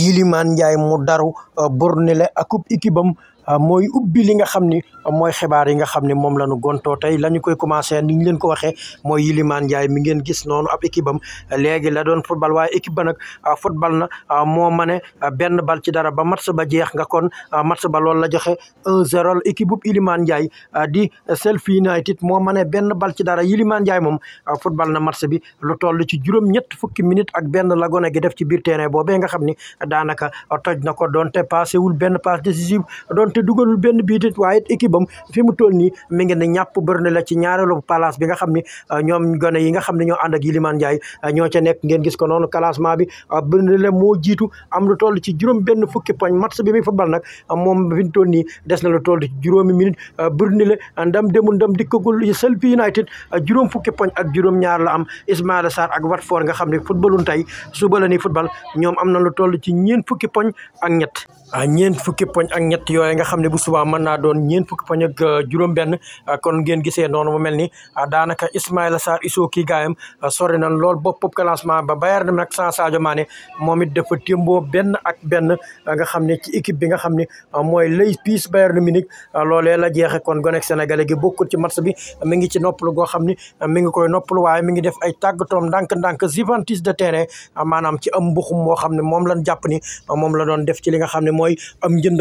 Yilimaan Ndiaye mu daru euh, bornele akub équipe Ah, mooy ubbi li nga xam ni ah, mooy xibaar yi nga xam ne moom la ñu gontoo tey la ñu koy commencé ni ñu leen ko waxee mooy Yilimaan Ndiaye mi ngeen gis noonu ab équipe am léegi la doon football waaye équipe ba nag ah, football na moo mane benn bal ci dara ba match ba jeex nga kon match ba loolu la joxe 1-0 équipe bu Yilimaan Ndiaye di Sheffield United moo mane benn bal ci dara Yilimaan Ndiaye moom football na match bi lu toll ci juróom ñett fukki minutes ak benn la gone gi def ci biir terrain boobee nga xam ni daanaka toj na ko doonte passé wul benn passe décisive doon te dugalul benn biit it waaye équipe fi mu toll nii mi ngeen ne ñàpp bër na la ci ñaareelu place bi nga xam ne euh, ñoom gone yi nga xam ne ñoo ànd ak Iliman Ndiaye euh, ñoo ca nekk ngeen gis ko noonu classement bi euh, bër na la moo jiitu am lu toll ci juróom benn fukki poñ match bi muy football nag moom fi mu toll nii des na lu toll ci juróomi minute bër na la ndam demul ndam dikkagul Selby United juróom fukki poñ ak juróom ñaar la am Ismaila Sarr ak Watford nga xam ne footballun tey suba la ni football ñoom am na lu toll ci ñeen fukki poñ ak ñett ñeen fukki ak ñett yooyu nga xam ne bu subaa mën doon ñeent fukki poñ ak euh, juróom-benn euh, kon ngeen gisee noonu mu mel ni euh, daanaka Ismaïla Sarr Issou kii gaayam sori na lool bopp classement ba Bayern nag sans Sadio Mané moom it dafa témboo benn ak ben nga xam ne ci équipe bi nga xam ne mooy Leipzig Bayern Munich loolee la jeexe kon gonek sénégalais gi bokkul ci match bi mi ngi ci noppalu goo xam ni mi ngi koy noppalu waaye mi ngi def ay tàggatoom ndànk-ndànk juventus de terrain maanaam ci am mbuxum moo xam ne moom lan jàpp ni moom la doon def ci li nga xam ne mooy am njënd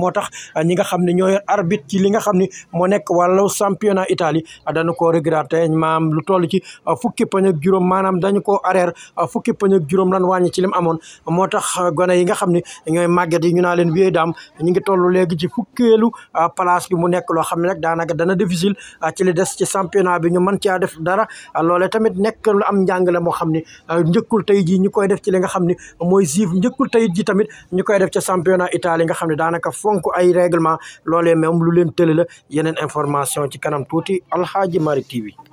moo tax ah, ñi nga xam ne ñooy arbitre ci li nga xam ne moo nekk wàllu championnat Italie ah, dañu ko regretté maam lu toll ci ah, fukki poñ juróom maanaam dañu ko areer fukki poñ juróom lan wàññi ci lim amoon moo tax gone yi nga xam ne ñooy màgget yi ñu naa leen wieyu daam ñu ngi toll léegi ci fukkeelu place bi mu nekk loo xam ne nag daanaka dana difficile ci li des ci championnat bi ñu mën caa def dara loole tamit nekk lu am njàng moo xam ne njëkkul tey ji ñu koy def ci li nga xam ne mooy juif njëkkul tey ji tamit ñu koy def ci championnat Italie nga xam ne daanaka fonk ay règlement loolee même lu leen tële la yeneen information ci kanam tuuti Aladji Malick TV